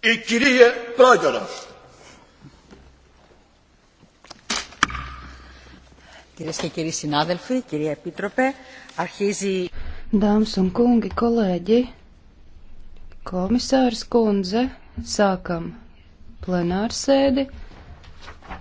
Η κυρία Πρόεδρος. Κυρίες και κύριοι συνάδελφοι, κυρία Επίτροπε, αρχίζει... Dāmas un kungi, kolēģi, komisārs kundze, sākam plenārsēdi.